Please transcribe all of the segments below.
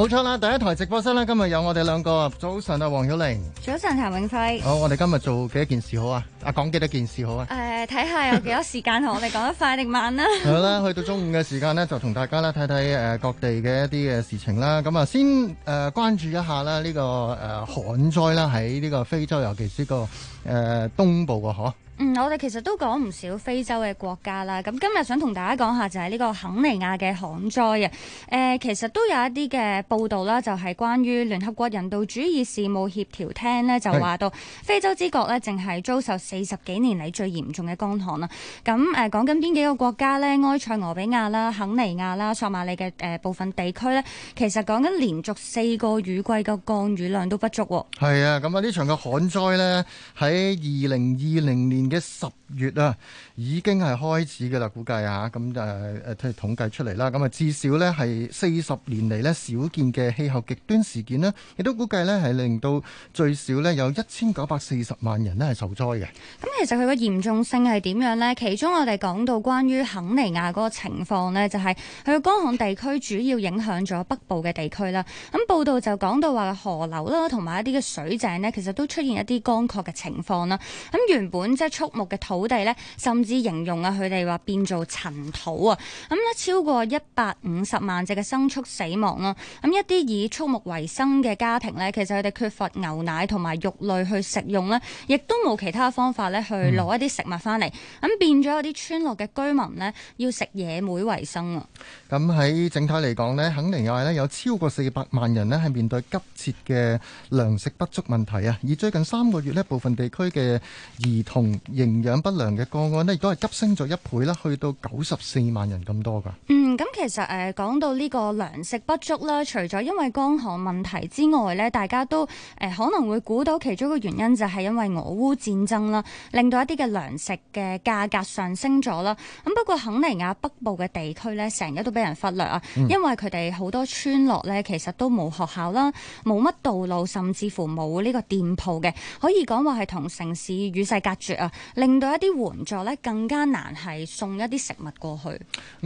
冇錯啦，第一台直播室啦，今日有我哋兩個，早晨啊，黃曉玲，早晨譚永輝，好、哦，我哋今日做幾多件事好啊？阿、啊、講幾多件事好啊？誒、呃，睇下有幾多時間同 我哋講得快定慢啦、啊。好啦、嗯，去到中午嘅時間咧，就同大家咧睇睇誒各地嘅一啲嘅事情啦。咁、嗯、啊，先誒、呃、關注一下啦、這個，呢個誒旱災啦，喺呢個非洲，尤其是、這個誒、呃、東部嘅嗬。嗯，我哋其實都講唔少非洲嘅國家啦。咁今日想同大家講下就係呢個肯尼亞嘅旱災啊。誒、呃，其實都有一啲嘅報道啦，就係、是、關於聯合國人道主義事務協調廳呢就話到非洲之角呢，正係遭受四十幾年嚟最嚴重嘅乾旱啦。咁、啊、誒，講緊邊幾個國家呢？埃塞俄比亞啦、肯尼亞啦、索馬里嘅誒部分地區呢，其實講緊連續四個雨季嘅降雨量都不足、哦。係啊，咁啊呢場嘅旱災呢，喺二零二零年嘅十月啊，已經係開始嘅啦，估計啊，咁誒誒，睇、嗯、統計出嚟啦。咁啊，至少呢係四十年嚟呢，少見嘅氣候極端事件呢、啊，亦都估計呢係令到最少呢有一千九百四十萬人呢係受災嘅。咁其實佢個嚴重性係點樣呢？其中我哋講到關於肯尼亞嗰個情況呢，就係、是、佢乾旱地區主要影響咗北部嘅地區啦。咁、嗯、報道就講到話河流啦，同埋一啲嘅水井呢，其實都出現一啲乾涸嘅情況啦。咁、嗯、原本即、就、係、是畜牧嘅土地咧，甚至形容啊，佢哋話變做塵土啊！咁、嗯、咧，超過一百五十萬隻嘅牲畜死亡咯。咁、嗯、一啲以畜牧為生嘅家庭咧，其實佢哋缺乏牛奶同埋肉類去食用咧，亦都冇其他方法咧去攞一啲食物翻嚟。咁、嗯、變咗有啲村落嘅居民咧，要食野莓為生啊！咁喺、嗯、整體嚟講咧，肯尼亞咧有超過四百萬人咧係面對急切嘅糧食不足問題啊！而最近三個月咧，部分地區嘅兒童。營養不良嘅個案咧，亦都係急升咗一倍啦，去到九十四萬人咁多噶。嗯，咁其實誒、呃、講到呢個糧食不足啦，除咗因為乾旱問題之外咧，大家都誒、呃、可能會估到其中一個原因就係因為俄烏戰爭啦，令到一啲嘅糧食嘅價格上升咗啦。咁不過肯尼亞北部嘅地區呢，成日都俾人忽略啊，嗯、因為佢哋好多村落呢，其實都冇學校啦，冇乜道路，甚至乎冇呢個店鋪嘅，可以講話係同城市與世隔絕啊。令到一啲援助咧更加難係送一啲食物過去。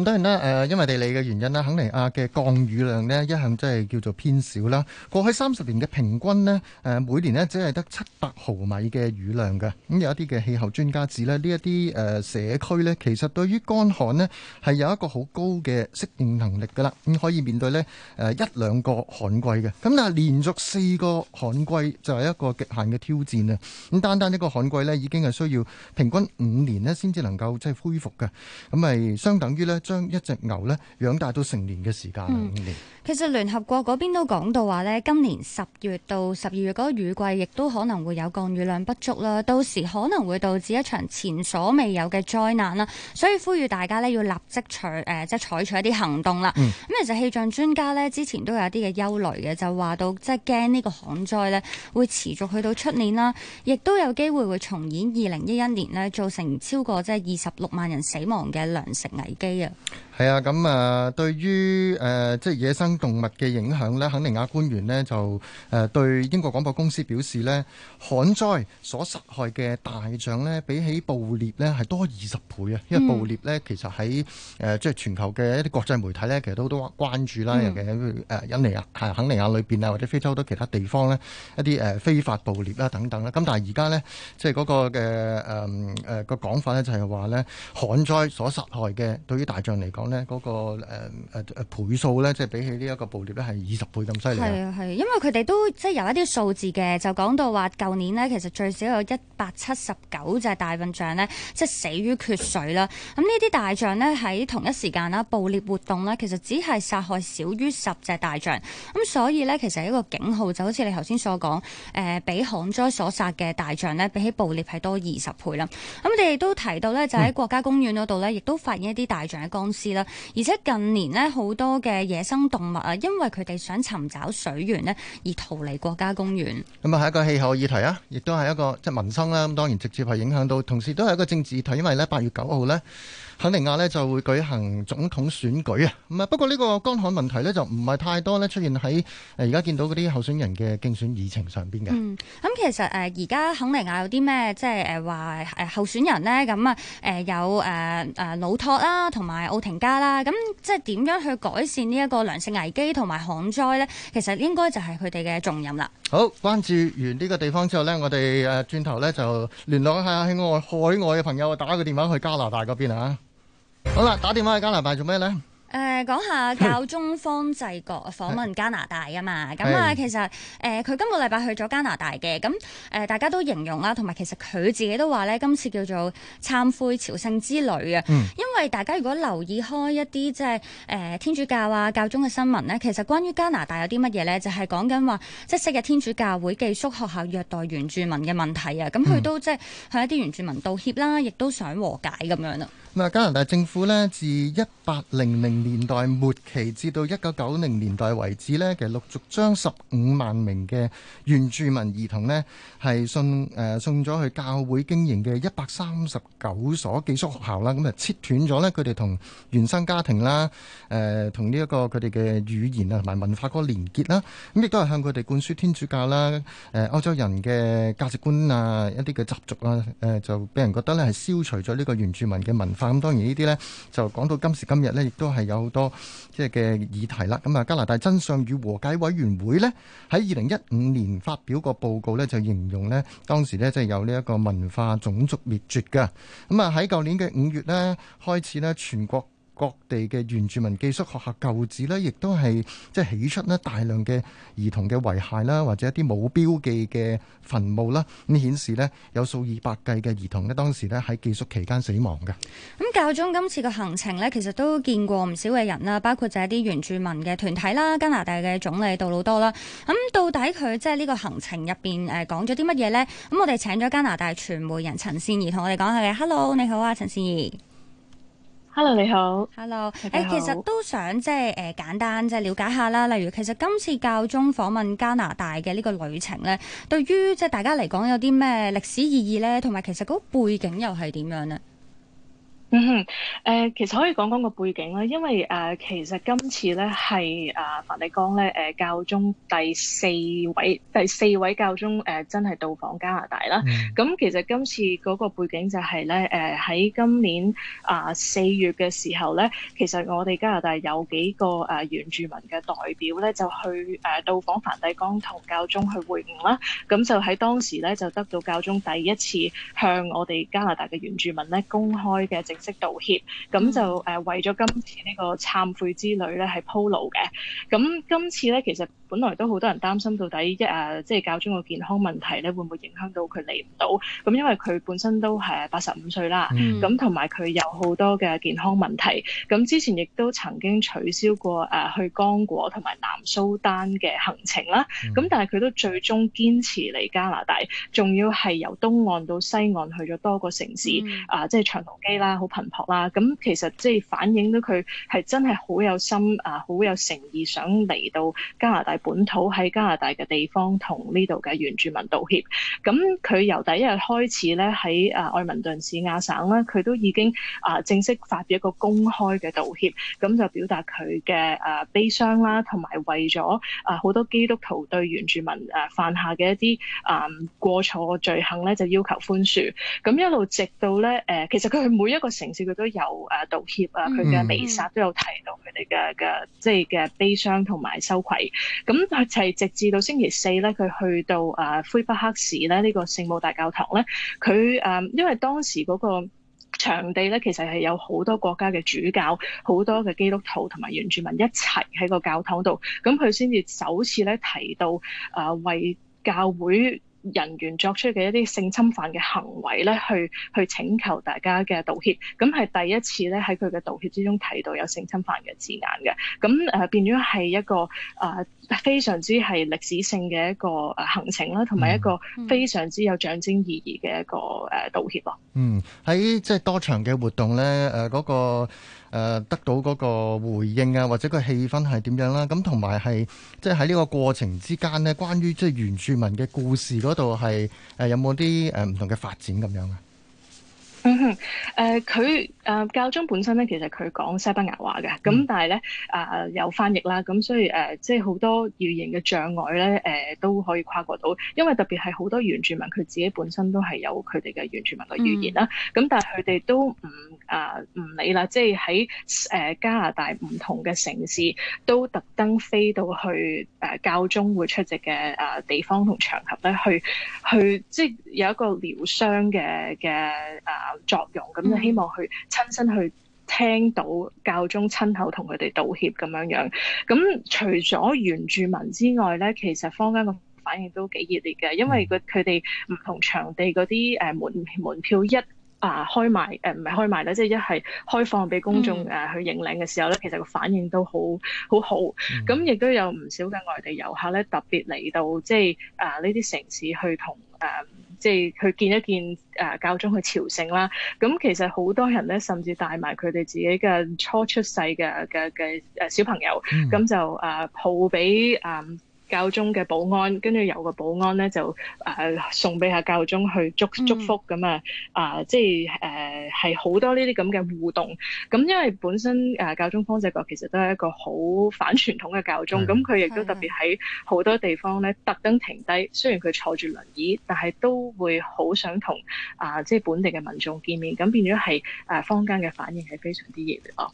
咁當然啦，誒、呃，因為地理嘅原因啦，肯尼亞嘅降雨量呢一向即係叫做偏少啦。過去三十年嘅平均呢，誒、呃，每年呢只係得七百毫米嘅雨量嘅。咁、嗯、有一啲嘅氣候專家指咧，呃、呢一啲誒社區呢其實對於乾旱呢係有一個好高嘅適應能力噶啦，咁可以面對呢誒、呃、一兩個旱季嘅。咁但係連續四個旱季就係一個極限嘅挑戰啊！咁單單一個旱季呢已經係需要。要平均五年呢先至能夠即係恢復嘅，咁咪相等於呢將一隻牛呢養大到成年嘅時間五年。其實聯合國嗰邊都講到話呢，今年十月到十二月嗰個雨季，亦都可能會有降雨量不足啦，到時可能會導致一場前所未有嘅災難啦，所以呼籲大家呢要立即採誒、呃、即係採取一啲行動啦。咁、嗯、其實氣象專家呢之前都有一啲嘅憂慮嘅，就話到即係驚呢個旱災呢會持續去到出年啦，亦都有機會會重演二零。一一年咧造成超過即係二十六萬人死亡嘅糧食危機啊！係啊，咁啊、呃，對於誒即係野生動物嘅影響咧，肯尼亞官員咧就誒、呃、對英國廣播公司表示咧，旱災所殺害嘅大象咧，比起捕獵咧係多二十倍啊！因為捕獵咧其實喺誒即係全球嘅一啲國際媒體咧，其實都好多關注啦，嗯、尤其係誒、呃、肯尼亞係肯尼亞裏邊啊，或者非洲好多其他地方咧一啲誒、呃、非法捕獵啦等等啦。咁但係而家呢，即係嗰個嘅。誒誒誒個講法咧就係話咧旱災所殺害嘅對於大象嚟講呢，嗰、那個誒、呃呃、倍數呢，即係比起呢一個捕獵呢、啊，係二十倍咁犀利。係啊係，因為佢哋都即係有一啲數字嘅，就講到話舊年呢，其實最少有一百七十九隻大笨象呢，即係死於缺水啦。咁呢啲大象呢，喺同一時間啦，捕獵活動呢，其實只係殺害少於十隻大象。咁、啊、所以呢，其實一個警號就好似你頭先所講誒、呃，比旱災所殺嘅大象呢，比起捕獵係多二十倍啦！咁我哋都提到呢，就喺國家公園嗰度呢，亦都發現一啲大象嘅乾屍啦。而且近年呢，好多嘅野生動物啊，因為佢哋想尋找水源呢，而逃離國家公園。咁啊、嗯，係一個氣候議題啊，亦都係一個即係民生啦。咁當然直接係影響到，同時都係一個政治議題，因為呢，八月九號呢，肯尼亞呢就會舉行總統選舉啊。咁啊，不過呢個乾旱問題呢，就唔係太多呢出現喺誒而家見到嗰啲候選人嘅競選議程上邊嘅、嗯。嗯，咁其實誒而家肯尼亞有啲咩即係誒、呃啊、呃！候選人呢，咁、呃、啊，誒有誒誒魯托啦，同埋奧廷加啦，咁、嗯、即係點樣去改善呢一個糧食危機同埋旱災呢？其實應該就係佢哋嘅重任啦。好，關注完呢個地方之後呢，我哋誒轉頭呢，就聯絡一下喺外海外嘅朋友打個電話去加拿大嗰邊啊。好啦，打電話去加拿大做咩呢？誒、呃、講下教宗方濟各訪問加拿大啊嘛，咁啊其實誒佢今個禮拜去咗加拿大嘅，咁、呃、誒大家都形容啦、啊，同埋其實佢自己都話咧，今次叫做懺悔朝聖之旅啊，嗯、因為大家如果留意開一啲即係誒天主教啊教宗嘅新聞咧、啊，其實關於加拿大有啲乜嘢咧，就係講緊話即係昔日天主教會寄宿學校虐待原住民嘅問題啊，咁、嗯、佢、嗯、都即係向一啲原住民道歉啦、啊，亦都想和解咁樣啦。咁啊，加拿大政府咧，自一八零零年代末期至到一九九零年代為止咧，其實陸續將十五萬名嘅原住民兒童咧，係送誒送咗去教會經營嘅一百三十九所寄宿學校啦。咁啊，切斷咗咧佢哋同原生家庭啦，誒同呢一個佢哋嘅語言啊同埋文化嗰個連結啦。咁亦都係向佢哋灌輸天主教啦、誒歐洲人嘅價值觀啊、一啲嘅習俗啦，誒就俾人覺得咧係消除咗呢個原住民嘅文化。咁當然呢啲呢，就講到今時今日呢，亦都係有好多即係嘅議題啦。咁啊，加拿大真相與和解委員會呢，喺二零一五年發表個報告呢，就形容呢當時呢，即係有呢一個文化種族滅絕嘅。咁啊喺舊年嘅五月呢，開始呢全國，各地嘅原住民寄宿學校舊址呢，亦都係即係起出呢大量嘅兒童嘅遺骸啦，或者一啲冇標記嘅墳墓啦，咁顯示呢，有數以百計嘅兒童呢當時呢喺寄宿期間死亡㗎。咁、嗯、教宗今次嘅行程呢，其實都見過唔少嘅人啦，包括就係啲原住民嘅團體啦、加拿大嘅總理杜魯多啦。咁、嗯、到底佢即係呢個行程入邊誒講咗啲乜嘢呢？咁、嗯、我哋請咗加拿大傳媒人陳善宜同我哋講下嘅。Hello，你好啊，陳善宜。hello 你好，hello，誒，其實都想即係誒簡單即係了解下啦。例如，其實今次教宗訪問加拿大嘅呢個旅程咧，對於即係大家嚟講有啲咩歷史意義咧，同埋其實嗰個背景又係點樣咧？嗯哼、呃，其實可以講講個背景啦，因為誒、呃、其實今次咧係誒梵蒂岡咧誒教宗第四位第四位教宗誒、呃、真係到訪加拿大啦。咁、嗯嗯、其實今次嗰個背景就係咧誒喺今年啊四、呃、月嘅時候咧，其實我哋加拿大有幾個誒、呃、原住民嘅代表咧就去誒到訪梵蒂岡同教宗去會晤啦。咁、嗯、就喺當時咧就得到教宗第一次向我哋加拿大嘅原住民咧公開嘅即道歉，咁就誒為咗今次呢個懺悔之旅咧係鋪路嘅。咁今次咧其實本來都好多人擔心，到底誒即教宗個健康問題咧會唔會影響到佢嚟唔到？咁因為佢本身都係八十五歲啦，咁同埋佢有好多嘅健康問題。咁之前亦都曾經取消過誒去剛果同埋南蘇丹嘅行程啦。咁、嗯、但係佢都最終堅持嚟加拿大，仲要係由東岸到西岸去咗多個城市啊，嗯、即長途機啦，頻撲啦，咁其實即係反映到佢係真係好有心啊，好有誠意想嚟到加拿大本土喺加拿大嘅地方同呢度嘅原住民道歉。咁佢由第一日開始咧喺啊愛民頓市亞省咧，佢都已經啊正式發表一個公開嘅道歉，咁就表達佢嘅啊悲傷啦，同埋為咗啊好多基督徒對原住民誒犯下嘅一啲啊過錯罪行咧，就要求寬恕。咁一路直，直到咧誒，其實佢係每一個城市佢都有誒道歉啊，佢嘅彌撒都有提到佢哋嘅嘅即係嘅悲傷同埋羞愧。咁係直至到星期四咧，佢去到啊魁北克市咧呢，這個聖母大教堂咧，佢誒、嗯、因為當時嗰個場地咧，其實係有好多國家嘅主教、好多嘅基督徒同埋原住民一齊喺個教堂度，咁佢先至首次咧提到誒、啊、為教會。人員作出嘅一啲性侵犯嘅行為咧，去去請求大家嘅道歉，咁係第一次咧喺佢嘅道歉之中提到有性侵犯嘅字眼嘅，咁誒、呃、變咗係一個誒、呃、非常之係歷史性嘅一個行程啦，同埋一個非常之有象徵意義嘅一個誒道歉咯。嗯，喺即係多場嘅活動咧，誒、呃、嗰、嗰個。誒得到嗰個回應啊，或者個氣氛係點樣啦？啊？咁同埋係即係喺呢個過程之間呢，關於即係原住民嘅故事嗰度係誒有冇啲誒唔同嘅發展咁樣啊？嗯哼，誒、呃、佢。誒、uh, 教宗本身咧，其實佢講西班牙話嘅，咁、嗯、但係咧，誒、呃、有翻譯啦，咁所以誒、呃，即係好多語言嘅障礙咧，誒、呃、都可以跨過到，因為特別係好多原住民，佢自己本身都係有佢哋嘅原住民嘅語言啦，咁、嗯、但係佢哋都唔誒唔理啦，即係喺誒加拿大唔同嘅城市，都特登飛到去誒、呃、教宗會出席嘅誒、呃、地方同場合咧，去去即係有一個療傷嘅嘅誒作用，咁、嗯嗯、希望佢親身去聽到教宗親口同佢哋道歉咁樣樣，咁除咗原住民之外咧，其實坊間個反應都幾熱烈嘅，因為佢哋唔同場地嗰啲誒門門票一啊開賣誒唔係開賣啦，即係一係開放俾公眾誒、嗯啊、去認領嘅時候咧，其實個反應都好好好，咁亦都有唔少嘅外地遊客咧，特別嚟到即係啊呢啲城市去同誒。呃即係去見一見誒、呃、教宗去朝聖啦，咁、嗯、其實好多人咧，甚至帶埋佢哋自己嘅初出世嘅嘅嘅誒小朋友，咁、嗯、就誒、呃、抱俾誒。呃教宗嘅保安，跟住有個保安咧就誒、呃、送俾下教宗去祝祝福咁啊！啊、嗯呃，即係誒係好多呢啲咁嘅互動，咁、嗯、因為本身誒、呃、教宗方濟各其實都係一個好反傳統嘅教宗，咁佢是亦都特別喺好多地方咧特登停低。雖然佢坐住輪椅，但係都會好想同啊、呃、即係本地嘅民眾見面。咁變咗係誒坊間嘅反應，係非常之熱烈啊！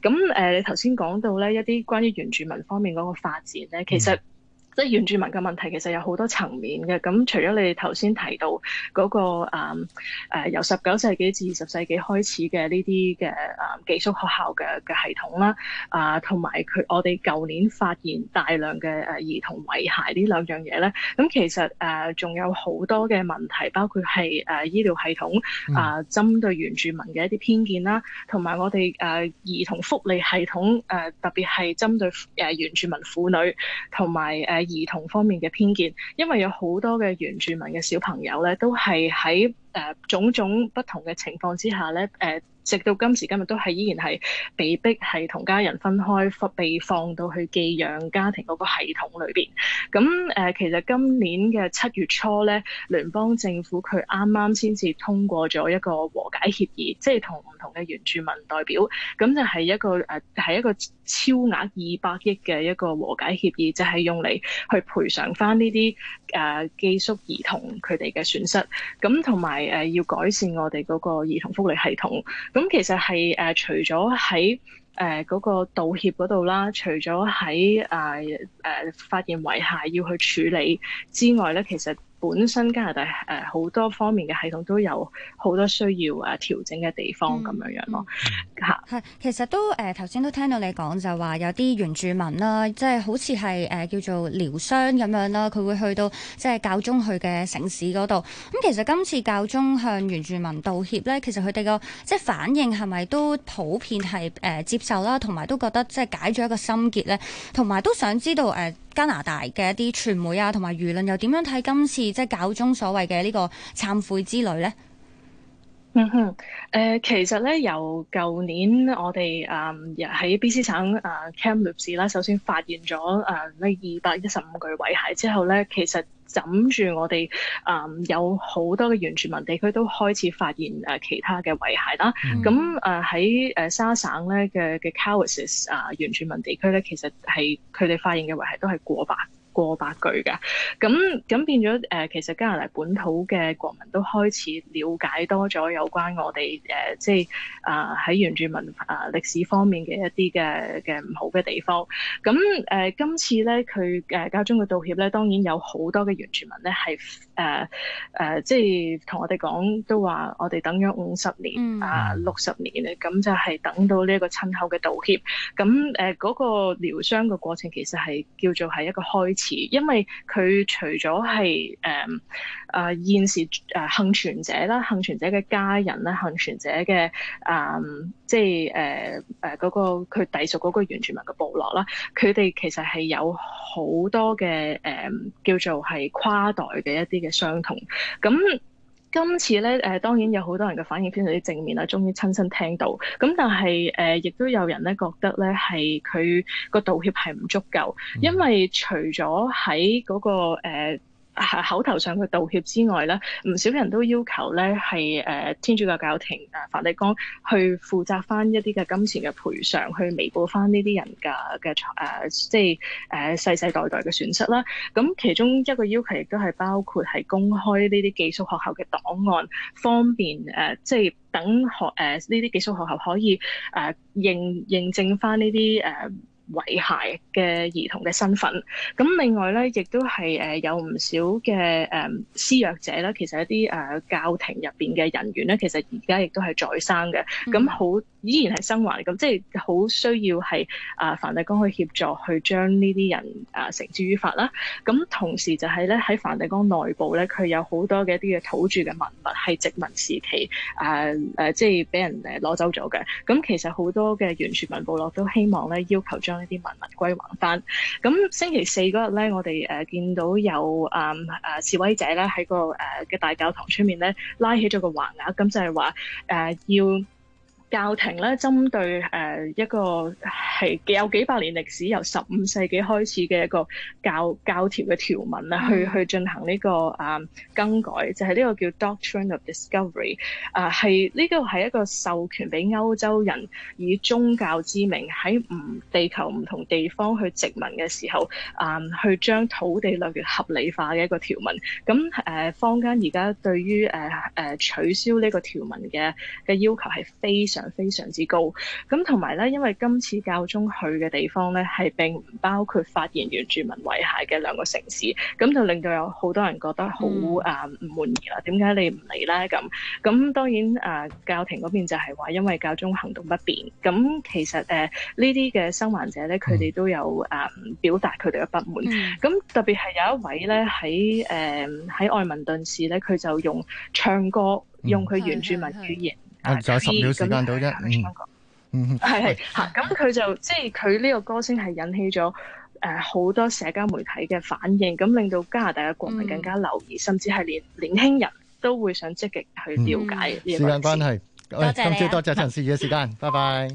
咁誒、嗯，嗯、你頭先講到咧一啲關於原住民方面嗰個發展咧，其實、嗯。即係原住民嘅問題，其實有好多層面嘅。咁除咗你哋頭先提到嗰、嗰個誒誒、嗯呃、由十九世紀至二十世紀開始嘅呢啲嘅誒寄宿學校嘅嘅系統啦，啊同埋佢我哋舊年發現大量嘅誒、呃、兒童遺骸呢兩樣嘢咧，咁、呃、其實誒仲、呃、有好多嘅問題，包括係誒、呃、醫療系統啊，針、呃、對原住民嘅一啲偏見啦，同埋我哋誒、呃、兒童福利系統誒、呃、特別係針對誒、呃、原住民婦女同埋誒。兒童方面嘅偏見，因為有好多嘅原住民嘅小朋友咧，都係喺誒種種不同嘅情況之下咧，誒、呃。直到今時今日都係依然係被逼係同家人分開，被放到去寄養家庭嗰個系統裏邊。咁誒、呃，其實今年嘅七月初咧，聯邦政府佢啱啱先至通過咗一個和解協議，即係同唔同嘅原住民代表，咁就係一個誒，係一個超額二百億嘅一個和解協議，就係、是呃就是、用嚟去賠償返呢啲誒寄宿兒童佢哋嘅損失。咁同埋誒，要改善我哋嗰個兒童福利系統。咁其實係誒、呃，除咗喺誒嗰個道歉嗰度啦，除咗喺誒誒發現遺骸要去處理之外咧，其實本身加拿大誒好多方面嘅系統都有好多需要誒、啊、調整嘅地方咁樣樣咯吓，係、嗯嗯啊、其實都誒頭先都聽到你講，就話有啲原住民啦，即係好似係誒叫做療傷咁樣啦，佢會去到即係教宗去嘅城市嗰度。咁其實今次教宗向原住民道歉咧，其實佢哋個即係反應係咪都普遍係誒、呃、接受啦，同埋都覺得即係解咗一個心結咧，同埋都想知道誒。呃加拿大嘅一啲傳媒啊，同埋輿論又點樣睇今次即係教宗所謂嘅呢個懺悔之旅呢？嗯哼，誒、呃，其實咧，由舊年我哋誒喺、呃、B C 省、誒 Kamloops 啦，首先發現咗誒呢二百一十五具遺骸之後咧，其實枕住我哋誒、呃、有好多嘅原住民地區都開始發現誒、呃、其他嘅遺骸啦。咁誒喺誒沙省咧嘅嘅 Cowessess 誒原住民地區咧，其實係佢哋發現嘅遺骸都係過百。過百句㗎，咁咁變咗誒、呃，其實加拿大本土嘅國民都開始了解多咗有關我哋誒、呃，即係啊喺原住民啊、呃、歷史方面嘅一啲嘅嘅唔好嘅地方。咁誒、呃，今次咧佢誒教宗嘅道歉咧，當然有好多嘅原住民咧係誒誒，即係同我哋講都話，我哋等咗五十年啊六十年咧，咁就係等到呢一個親口嘅道歉。咁誒嗰個療傷嘅過程其實係叫做係一個開因為佢除咗係誒誒現時誒幸存者啦、幸存者嘅家人啦、幸存者嘅誒、呃、即係誒誒嗰個佢隸屬嗰個原住民嘅部落啦，佢哋其實係有好多嘅誒、呃、叫做係跨代嘅一啲嘅傷痛咁。嗯。今次咧，誒、呃、當然有好多人嘅反應非常之正面啦，終於親身聽到。咁但係誒、呃，亦都有人咧覺得咧係佢個道歉係唔足夠，因為除咗喺嗰個、呃口頭上嘅道歉之外咧，唔少人都要求咧係誒天主教教廷誒梵蒂岡去負責翻一啲嘅金錢嘅賠償，去彌補翻呢啲人嘅嘅誒即係誒、啊、世世代代嘅損失啦。咁、啊、其中一個要求亦都係包括係公開呢啲寄宿學校嘅檔案方，方便誒即係等學誒呢啲寄宿學校可以誒、啊、認認證翻呢啲誒。啊遺骸嘅兒童嘅身份，咁另外咧，亦都係誒、呃、有唔少嘅誒施虐者咧，其實一啲誒、呃、教廷入邊嘅人員咧，其實而家亦都係在生嘅，咁好、嗯、依然係生還，咁即係好需要係啊梵蒂岡去協助去將呢啲人啊繩之於法啦。咁、啊、同時就係咧喺梵蒂岡內部咧，佢有好多嘅一啲嘅土著嘅文物係殖民時期誒誒、呃，即係俾人誒攞走咗嘅。咁、嗯、其實好多嘅原住民部落都希望咧要求將將啲文物歸還翻。咁星期四嗰日咧，我哋誒、呃、見到有啊啊、嗯呃、示威者咧喺、那個個誒嘅、呃、大教堂出面咧拉起咗個橫額，咁就係話誒要。教廷咧針對誒、呃、一個係有幾百年歷史，由十五世紀開始嘅一個教教條嘅條文咧、嗯、去去進行呢、這個啊、呃、更改，就係、是、呢個叫 Doctrine of Discovery 啊、呃，係呢個係一個授權俾歐洲人以宗教之名喺唔地球唔同地方去殖民嘅時候啊、呃，去將土地掠奪合理化嘅一個條文。咁誒、呃、坊間而家對於誒誒取消呢個條文嘅嘅要求係非常。非常之高，咁同埋咧，因為今次教宗去嘅地方咧，係並唔包括發現原住民遺骸嘅兩個城市，咁就令到有好多人覺得好啊唔滿意啦。點解你唔嚟咧？咁咁當然啊、呃，教廷嗰邊就係話因為教宗行動不便。咁其實誒呢啲嘅生還者咧，佢哋都有啊、呃、表達佢哋嘅不滿。咁、嗯呃、特別係有一位咧喺誒喺愛民頓市咧，佢就用唱歌用佢原住民語言、嗯。嗯嗯仲有十秒時間到啫，嗯，係係吓，咁佢就即係佢呢個歌星係引起咗誒好多社交媒體嘅反應，咁令到加拿大嘅國民更加留意，嗯、甚至係連年輕人都會想積極去了解呢樣嘢。時間關係，哎、多謝、啊、今次多謝陳善宜嘅時間， 拜拜。